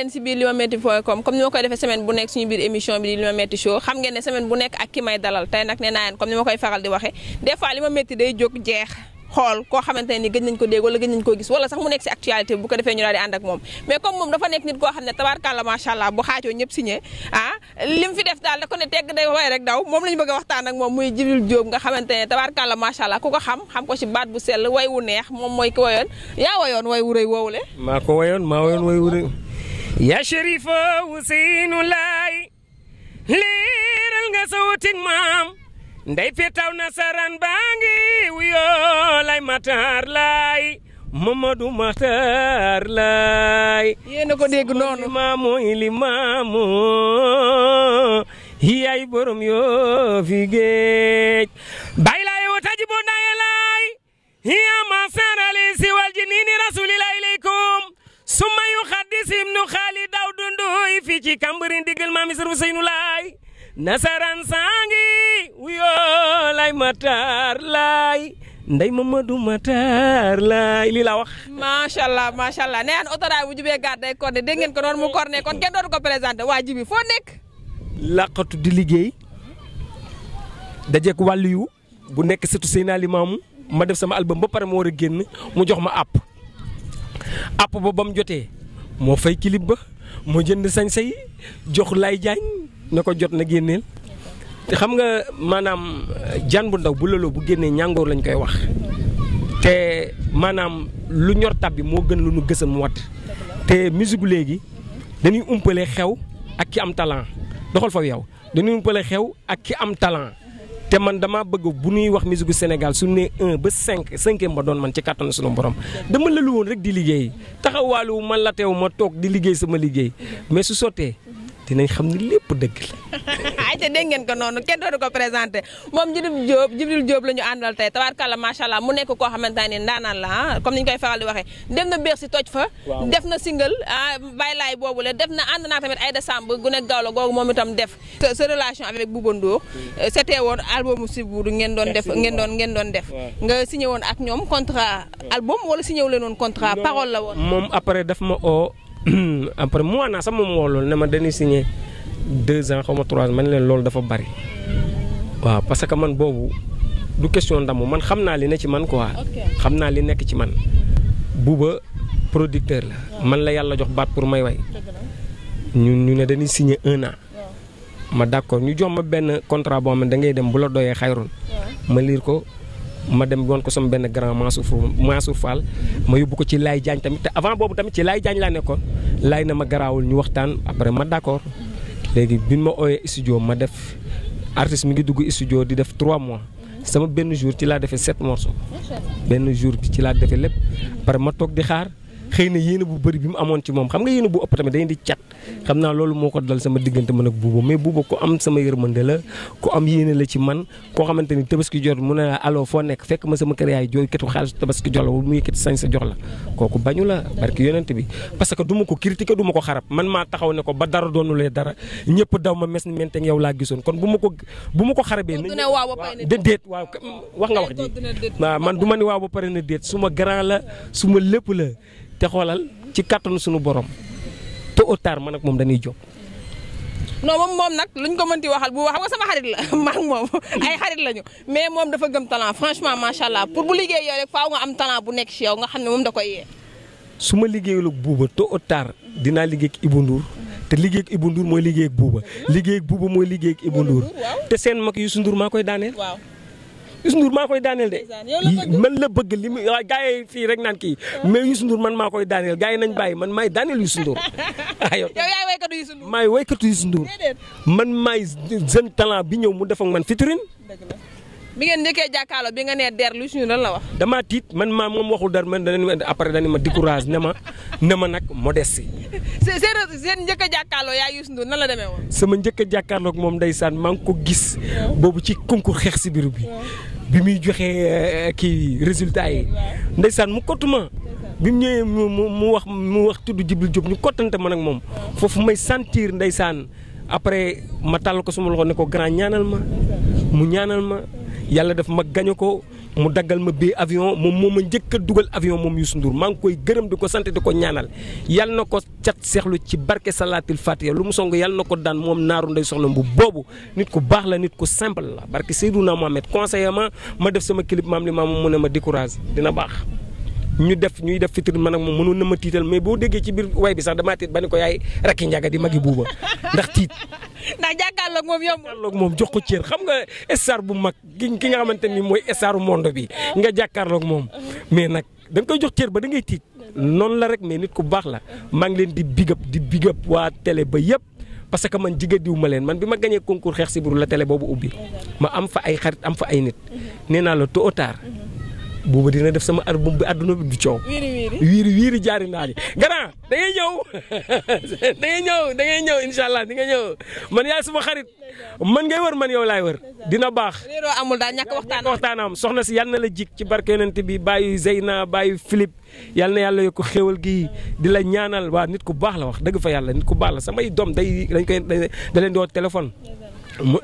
leen si biir limametti point com comme ni ma koy defee semaine bu nekk suñu biir émission bi di limametti show xam ngeen ne semaine bu nekk ak ki may dalal tey nag nee naa leen comme ni ma koy faral di waxee des fois limametti day jóg jeex xool koo xamante ni gëj nañ ko dégg wala gëj nañ ko gis wala sax mu nekk si actualité bu ko defee ñu daal ànd ak moom mais comme moom dafa nekk nit koo xam ne tabaarkàlla macha ah la ñu a waxtaan ak moom muy Djibril Diop nga xamante ne tabaarkàlla macha allah ku ko xam xam ko si baat yashrif Ousseynou Laay liiral nga sawtik maam ndey fi taw nasaraan baa ngi wuyoo lay Matar Laay Mamadou Matar Laay. yéen a ko dégg noonu maamu ili maamu yaay borom yoo fi bay laay woo taji boo ndaye laay. muxaddis ibnu khalid daw dunduy fii ci Cambérène diggal maam Isra Seynu lay nasaran sangi wuyoo lay Matar lay Ndey Mamadou Matar lay lii laa wax. macha allah macha allah nee naan autoraay bu jube gadde kon de ngeen ko non mu korne kon ken do ko presenter waa ji bi foo nekk. laqatu di liggey dajek wàllu yu bu nekk surtout Seydina Limaamu ma def sama album ba pare ma war a mu jox ma app app bo bam mu jotee moo fay kilib ba moo jënd sañse yi jox lay jaañ na ko jot na génneel xam nga maanaam euh, jaan bu ndaw bu lëloo bu génnee ñàngoor lañu koy wax te maanaam lu ñor tab bi moo gën lu nu gësan mu watt te musique léegi dañuy umpale xew ak ki am talent doxal fa yow dañuy umpale xew ak ki am talent te man damaa bëgg bu nuy wax musique gu Sénégal su ne un ba cinq cinquième ba doon man ci kàttanu sunu borom dama lëlu woon rek di liggéey taxawaalu ma lateew ma toog di liggéey sama liggéey mais su sottee dinañ xam ne lépp dëgg la. ay te dégg ngeen ko noonu kenn dootu ko présenté moom Djibril Diop Djibril Diop la ñu àndal tey tabaarkalla allah mu nekk koo xamante ne ndaanaan la ah comme ni ñu koy faral di waxee dem na béex si toj fa def na single ah bàyyi laay boobu la def na ànd naa tamit Aïda Samb gu nekk gaaw la googu moom itam def sa relation avec Bouba Ndour hmm. euh, c'était woon album si buur ngeen doon def ngeen doon ngeen doon def nga signé woon ak ñoom contrat album wala signé wu leen woon contrat parole la woon moom après def ma oo après moi naa sax moom loolu ne ma dañuy signé deux ans xaw ma trois man leen loolu dafa bari waaw parce que man boobu du question ndamu man xam naa li ne ci man quoi xam naa li nekk ci man buuba producteur la man la yàlla jox baat pour may way ñu ñu ne dañuy signé un an ma d'accord ñu jox ma benn contrat boo xam ne dangay dem bu la doyee xayrun ma liir ko ma dem woon ko sama benn grand Mansour Mansour Fall ma yóbbu ko ci laay Diagne tamit te avant boobu tamit ci laay Diagne laa nekkoon laay na ma garaawul ñu waxtaan après ma d'accord léegi bi ma ooyee studio ma def artiste mi ngi dugg studio di def trois mois sama benn jour ci laa defee mois morceaux benn jour bi ci laa defe lépp pare ma toog di xaar. xëy na yéene bu bëri bi mu amoon ci moom xam nga yéene bu ëpp tamit dañuy di cat xam naa loolu moo ko dal sama diggante man ak buuba mais buuba ku am sama yërmande la ku am yéene la ci man koo xamante ni tabaski jot mu ne allo foo nekk fekk ma sama kër yaay jooy ketu xaalis tabaski jox la sa jox la kooku bañu la barki yonent bi parce que duma ko critiquer du ma ko xarab man maa taxaw ne ko ba dara lee dara ñëpp daw ma mes ni menteng yow laa gisoon kon bu ma ko bu ma ko xarabee déet waaw wax nga wax ji man du ma ni waaw ba pare na déet su ma grand la su lépp la te xoolal ci kattanu suñu borom tôt ou tard man ak moom dañuy jóg. non moom moom nag luñ ko mënti waxal bu wax nga sama xarit la ma moom ay xarit lañu mais moom dafa gëm talent franchement macha allah pour bu liggéey yow rek faaw nga am talent bu nekk ci yow nga xam ne moom da koy yee. su ma liggéeyul ak buuba tôt ou tard dinaa liggéey ak Ibou Ndour te liggéey ak Ibou Ndour mooy liggéey ak buuba liggéey ak buuba mooy liggéey ak Ibou Ndour te seen mag Youssou Ndour Youssou Ndour maa koy daaneel de. man la bëgg li mu waaw fii rek naan kii ah. mais Youssou Ndour man maa koy daaneel gars yi nañ bàyyi man maay daaneel Youssou Ndour. Ah, yow yaay waykatu Youssou Ndour maay waykatu Youssou Ndour man maay jeune talent bi ñëw mu def ak man featuring bi ngeen ñëkkee jakkalo bi nga né der lu suñu lan la wax dama tit man ma mom waxul dar man dañu après dañu ma décourage néma néma nak modesti c'est c'est seen seen ya a jàkkaarloo yaa nan la démé won sama ñëkke jakkalo ak mom ndaysan maa ko gis bobu ci concours xex ci biir bi bi mi joxé eh, ki résultat yi ndaysan mu kotuma bi mu ñëwé mu wax mu wax tuddu Jibril job ñu kottante man ak mom fofu may sentir ndaysan après ma tal ko suma loxo ko grand ñaanal ma mu ñaanal ma yàlla daf ma gaño ko mu daggal ma bii avion moom moo ma njëkk a dugal avion moom Youssou Ndour maa ngi koy gërëm di ko sant di ko ñaanal yàlla na ko cat seexlu ci barke salaatil fatiha lu mu song yàlla na ko daan moom naaru ndey soxna mbu boobu nit ku baax la nit ku simple la barke Seydouna Mohamed conseiller ma ma def sama clip maam li maam mu ne ma décourage dina baax ñu def ñuy def fitir man ak moom mënu na ma tital mais bo déggé ci bir way bi sax dama tit ba ko yaay rakki njaga di magi buba ndax tiit ndax jàkkaarloog moom yomb ak mom jox ko cër xam nga star bu mag ki nga xamanteni moy mooy monde bi nga jàkkaarloog mom mais nak dang koy jox cër ba da ngay tiit la rek mais nit ku bax la ma ngi leen di big up di big up wa télé ba yépp parce que man jigé diw ma leen man bima gagné concours xex ci buru la télé bobu ubi ma am fa ay xarit am fa ay nit néna la tôt ou tard buuba dina def sama album bi àdduna bi du coow. wiiri wiiri wiiri jaari naa ji gannaaw da ñëw da ngay ñëw da ngay ñëw incha allah di nga ñëw man yaay suma xarit man ngay wër man yow laay wër dina baax. réeroo amul daal ñàkk waxtaan am soxna si yal na la jik ci barke yonent bi bàyyi Zeyna bàyyi Philippe yal na yàlla yokk xéwal gi di la ñaanal waa nit ku baax la wax dëgg fa yàlla nit ku baax la samay doom day dañ koy da leen doo woo téléphone.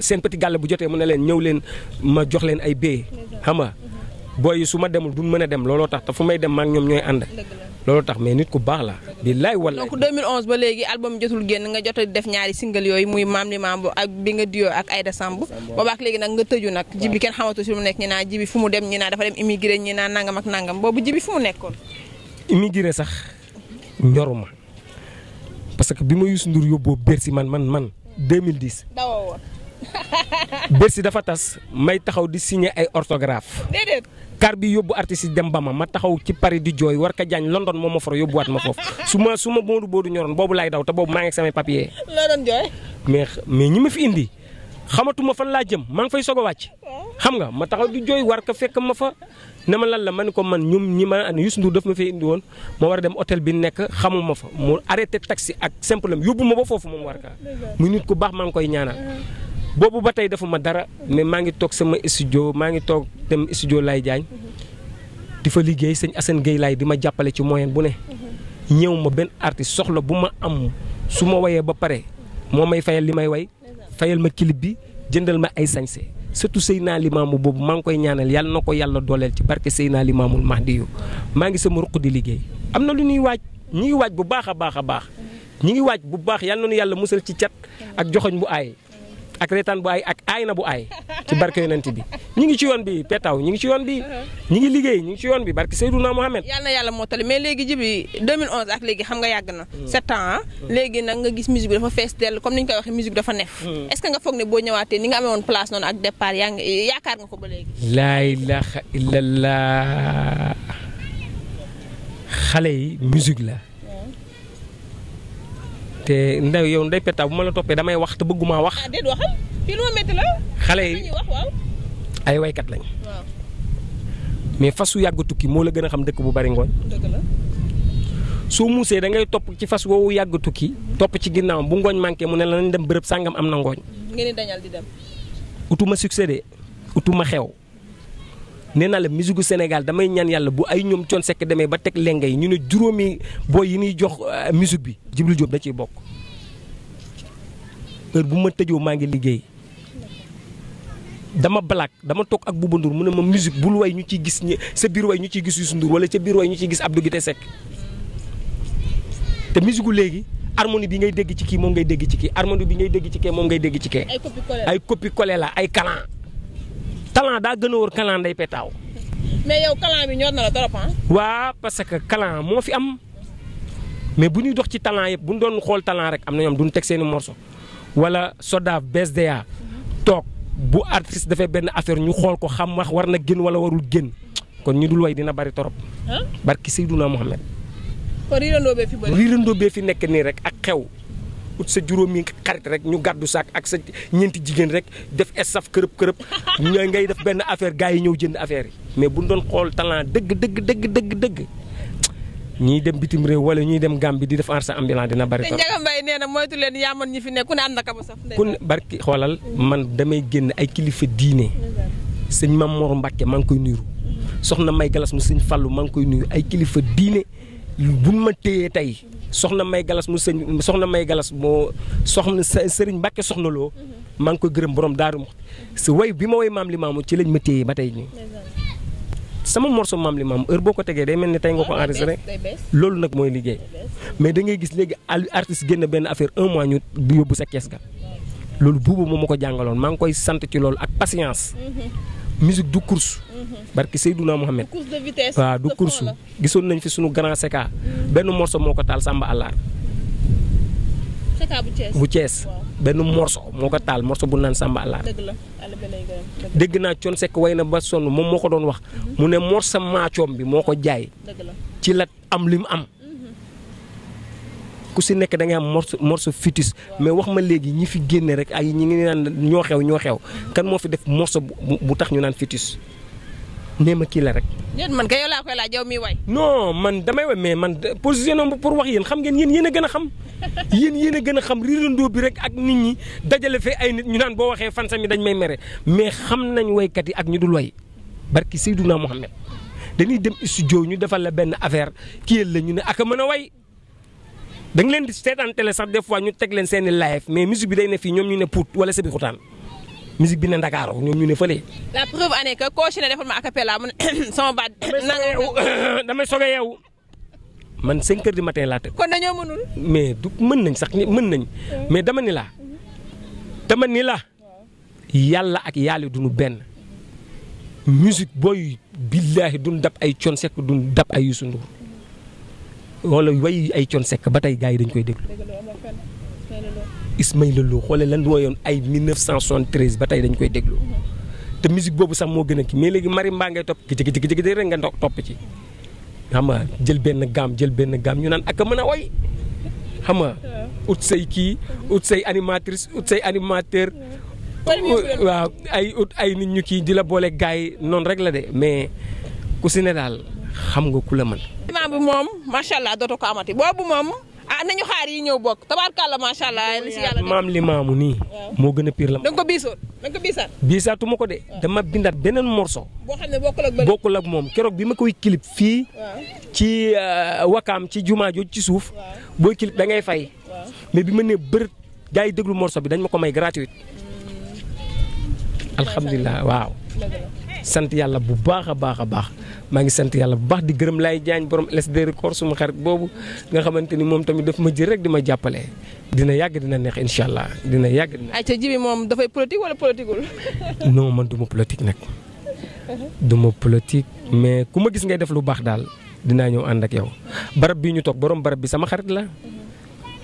seen petit gàll bu jotee mu ne leen ñëw leen ma jox leen ay bee xam nga boy yi su ma demul duñ mën a dem looloo tax te fu may dem maak ñoom ñooy ànd. looloo tax mais nit ku baax la. billaay wallaay donc 2011 ba léegi album jotul génn nga jot a def ñaari single yooyu muy maam li maam ak bi nga diyoo ak Aïda Samb. boobaak léegi nag nga tëju nag. waaw jibi kenn xamatu si mu nekk ñu naa jibi fu mu dem ñu naa dafa dem immigré ñu naa nangam ak nangam boobu jibi fu mu nekkoon. immigré sax ñoruma parce que bi ma Youssou Ndour yóbboo Bercy man man man 2010. bersi dafa tas may taxaw di signer ay orthographe. dedet car bi yobbu artiste dem bama ma taxaw ci Paris du joy war ka jaañ London moo for yobbu wat ma fof suma suma su bodu ñoron bobu lay daw ta bobu ma ngi sama papier. loo doon jooy. mais mais ñi ma fi indi xamatuma fan la jëm ma ngi fay sogo wacc xam nga ma taxaw du joy war ka fekk ma fa ne lan la man ko man ñum ñi ma yus ndu daf ma fay indi won mo wara dem hotel bi nekk xamuma fa mu arrêter taxi ak simplem yobbu ma ba fofu moom war ka muy nit ku bax ma ngi koy ñaanal. Mhm bobu batay tey defuma dara mais ma ngi tok sama studio ma ngi tok dem studio lay jagn di fa liggéey Assane gey lay di jappale ci moyen bu ne ñëw ma artiste soxla bu ma am suma waye ba paré momay fayal limay way fayal ma clip bi jëndal ma ay sañsé surtout seyna limam bobu mang koy ñaanal yalla nako yalla dolel ci barke seyna limamul Mahdi yu ma ngi sama ruq di liggéey am lu ñuy waaj ñi ngi waaj bu baaxa baaxa baax ñi ngi bu baax yalla nu yalla mussel ci ak joxogn bu ay ak reetaan bu ay ak aay na bu aay ci barke yonent bi ñu ngi ci yoon bi Petaw ñu ngi ci yoon bi uh-huh. ñu ngi liggéey ñu ngi ci yoon bi barke Seydouna Mohamed. yàlla na yàlla mottali mais léegi ji bi 2011 ak léegi xam nga yàgg na. 7 hmm. ans ah. hmm. léegi nag nga gis musique bi dafa fees dell comme ni ñu koy waxee musique dafa neef. Hmm. est nga foog ne boo ñëwaatee ni nga amee woon place noonu ak départ yaa ngi yaakaar nga ko ba léegi. laa ilaaha xale yi musique la. té ndaw yow ndey peta bu ma la toppee damay wax té bëgguma wax. ah déedéet waxal fii lu ma métti la. xale yi ay waykat lañ. waaw mais fasu yagu tukki mo la gëna xam dëkk bu bari ngooñ. dëgg la da ngay top ci fas wo yagu tukki. Mhm. top ci ginnaw bu ngoñ manké mu ne la ñu dem bërepp sangam am na ngooñ. ngeen dañal di dem. utuma succédé utuma xew. nee naa la musique gu Sénégal damay ñaan yàlla bu ay ñoom Thione Seck demee ba teg lenga yi ñu ne juróomi booy yi ñuy jox euh, musique bi Djibril da ciy bokk heure bu ma tëjoo maa ngi liggéey dama black dama toog ak Bouba Ndour mu ne ma musique bul way ñu ciy gis sa biir way ñu ciy gis Youssou Ndour wala ca biir way ñu ci gis Abdou Guité Seck te musique gu léegi harmonie bi ngay dégg ci kii moom ngay dégg ci kii harmonie bi ngay dégg ci kii moom ngay dégg ci kii ay copie la ay copie talent daa gën a wóor kalaan day petaaw. mais yow kalaan bi ñor na la trop ah. parce que kalaan moo fi am mais bu ñuy dox ci talent yëpp bu ñu doon xool talent rek am na ñoom du ñu teg seeni morso wala Sodav BSDA toog bu artiste dafay benn affaire ñu xool ko xam wax war na génn wala warul génn kon ñu dul way dina bari torop barki Seydouna Mohamed. kon riirandoo bee fi bëri riirandoo bee fi nekk nii rek ak xew. ut sa juróomi xarit rek ñu gaddu sak ak sa ñenti jigen rek def esaf kërëp kërëp ñoy ngay def ben affaire gaay ñew jënd affaire mais buñ doon xol talent deug deug deug deug deug ñi dem bitim rew wala ñi dem gambi di def arsa ambulance dina bari. tax Ndiaga Mbaye neena moytu len yaaman ñi fi nekk ku ne andaka bu saf. ku barki xolal man damay genn ay kilifa diine sëñ mam Mor Mbacke mang koy nuyu soxna May Galas mu sëñ fallu mang koy nuyu ay kilifa diine. buñ ma téyee tey soxna May Galas mu sëñ soxna May Galas moo soxna Serigne Mbacke soxna loo maa ngi ko gërëm borom daaru ma si way bi ma way maam li maamu ci lañ ma téyee ba tey nii. sama morceau maam li maam heure boo ko tegee day mel ni tey nga ko rek loolu nag mooy liggéey mais dangay ngay gis léegi artiste génn benn affaire un mois ñu bu yóbbu sa kees ga. loolu buubu moom ma ko jàngaloon maa ngi koy sant ci loolu ak patience. Mm-hmm. musique du course barki Seydouna Mohamed. course de vitesse waaw du course gisoon nañ fi suñu grand Seka. Mm. benn morso moo ko taal Samba Allaar. Seka benn morso moo ko taal morso bu naan Samba Allaar. dégg naa Thione Seck way na ba sonn moom moo ko doon wax. Mm-hmm. mu ne morso maacoom bi moo ko jaay. ci la am li am. Mm-hmm. ku si nekk dangay am morceau morceau futis mais wax ma léegi ñi fi génne rek ay ñi ngi naan ñoo xew ñoo xew mm-hmm. kan moo fi def morso bu bu tax ñu naan futis. nee ma kii la rek. déet man kay yow laa koy laaj yow miy way. non man damay way mais man positionné wu pour wax yéen xam ngeen yéen yéen a gën a xam yéen yéen a gën a xam rirandoo bi rek ak nit ñi dajale fee ay nit ñu naan boo waxee fan sami dañ may mere mais xam nañ waykat yi ak ñu dul way barki Seydouna Mohamed dañuy dem studio ñu defal la benn affaire kii la ñu ne ak a a way. da nga leen di seetaan télé sax des fois ñu teg leen seeni live mais musique bi day ne fii ñoom ñu ne Pout wala Sébikotane musique bi ne Ndakaaru ñoom ñu ne fële. la preuve en est que koo si ne defal ma acapella mu ne sama baat. dama soog a yeewu man 5 heures du matin laa dañoo mënul. mais du mën nañ sax mën nañ mais dama ni la dama ni la yàlla ak yàlla dunu benn musique booy billaahi duñ dab ay Thione Seck duñ dab ay Youssou Ndour wala way ay Thione Seck ba tey gars yi dañ koy déglu. Ismaïla Lo xoolee lan woyoon ay 1973 ba tey dañ koy déglu te musique boobu sax moo gën a kii mais léegi marimba ngay topp gëj nga topp ci. xam nga jël benn gaam jël benn gaam ñu naan ak a mën a woy xam nga ut say kii ut say animatrice ut say animateur. waaw ay ut ay nit ñu kii di la boole gars yi noonu rek la de mais ku si ne daal xam nga ku la mën. bi allah dootu ko amati boobu moom. ah nañu xaar yi ñëw bokk tabaarkàlla macha allah. maam li maamu nii. moo gën a piir la. da nga ko biisoon da nga ko biisaat. biisaatu ma ko de. dama bindaat beneen morso boo xam bokkul ak moom keroog bi ma koy clip fii. ci euh, wakaam ci jumaa jooju ci suuf. booy clip da ngay fay. mais bi ma nee bër gaa yi déglu morso bi dañ ma ko may gratuite. Hmm. alhamdulilah waaw. sant yàlla bu baax a baax a baax maa ngi sant yàlla bu baax di gërëm laay jaañ borom LSD record suma xarit boobu nga xamante ni moom tamit daf ma jël rek di ma jàppale dina yàgg dina neex incha allah dina yàgg dina. ayca jibi moom dafay politique wala politiqueul. non man du ma politique du ma politique mais ku ma gis ngay def lu baax daal dinaa ñëw ànd ak yow barab bi ñu toog boroom barab bi sama xarit la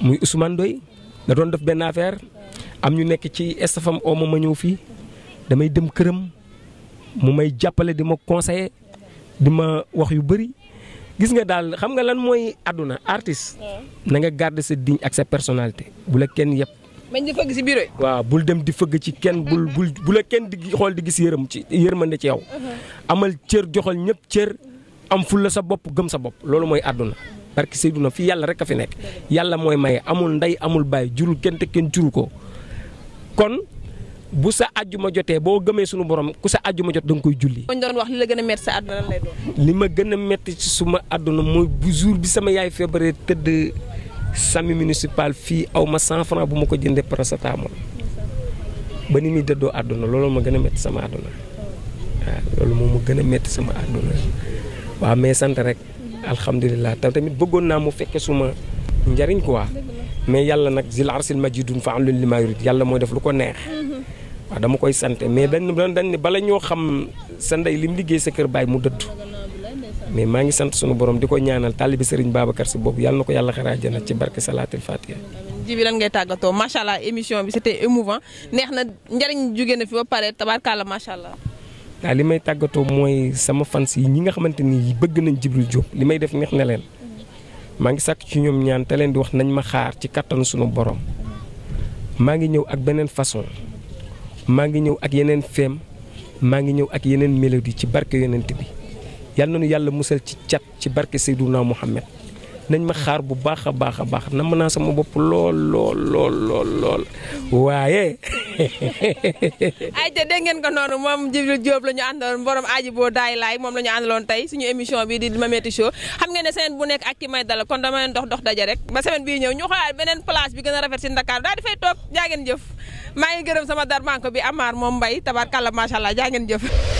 muy Ousmane Doy da doon def benn affaire am ñu nekk ci estafam omo ma ñëw fii damay mu may jappalé dima conseiller dima wax yu bari gis nga dal xam nga lan moy aduna artiste. na nga garder sa digne ak sa personnalité bu la kenn di fëgg si bureau wa bul dem di fëgg ci kenn bul bul bu la kenn di xol di gis ci yërmande ci yow. Uh-huh. amal cër joxal ñep cër am ful la sa bop gëm sa bop lolu moy aduna barki que fi yalla rek a fi nekk amul nday amul bay jurul kenn te kenn juru ko kon. bu sa àjjuma jotee boo gëmee sunu borom ku sa àjjuma jot da nga koy julli. li doon wax li la gën a métti sa àdduna lan li ma gën a métti suma àdduna mooy bu jour bi sama yaay feebaree tëdd sami municipal fii aw ma 100 bu ma ko jëndee paracetamol ba ni muy dëddoo àdduna loolu ma gën a métti sama àdduna waaw loolu moom gën a métti sama mais sant rek alhamdulilah te tamit bëggoon naa mu fekke suma njariñ quoi mais yàlla nag zil arsil majidun fa'alun lima yurid yàlla mooy def lu ko neex. Mm-hmm. waaw dama koy sante mais dañ dañ ne bala ñoo xam sa ndey li mu liggéey sa kër baay mu dëdd mais maa ngi sant sunu borom di ko ñaanal taalibi sëriñ Babacar si boobu ko yàlla xaraa jana barke salaatil fatiha ji bi ngay tàggatoo macha allah émission bi c'était émouvant neex na njëriñ jóge na ba pare tabarkalla macha allah. li may tàggatoo mooy sama fans yi ñi nga xamante ni bëgg nañ Djibril Diop li may def neex na leen maa ngi sàkk ci ñoom ñaan leen di wax nañ ma xaar ci kattanu sunu borom maa ngi ñëw ak beneen façon. maa ngi ñëw ak yeneen feem maa ngi ñëw ak yeneen mélodie ci barke yonent bi yal na nu yàlla musal ci cat ci barke Seydouna Mohamed nañ ma xaar bu baax a baax a baax namm naa sama bopp lool lool lool lool lool waaye. ayca dégg ngeen ko noonu moom Djibril Diop la ñu àndaloon borom aji boo daay laay moom la ñu àndaloon tey suñu émission bi di Limametti Show xam ngeen ne semaine bu nekk ak ki may dala kon dama leen dox dox daje rek ba semaine bii ñëw ñu xoolaat beneen place bi gën a rafet si Ndakaaru daal di fay toog jaa jëf maa ngi gërëm sama darmanko bi Amar moom Mbaye tabarkalla macha allah jaa ngeen jëf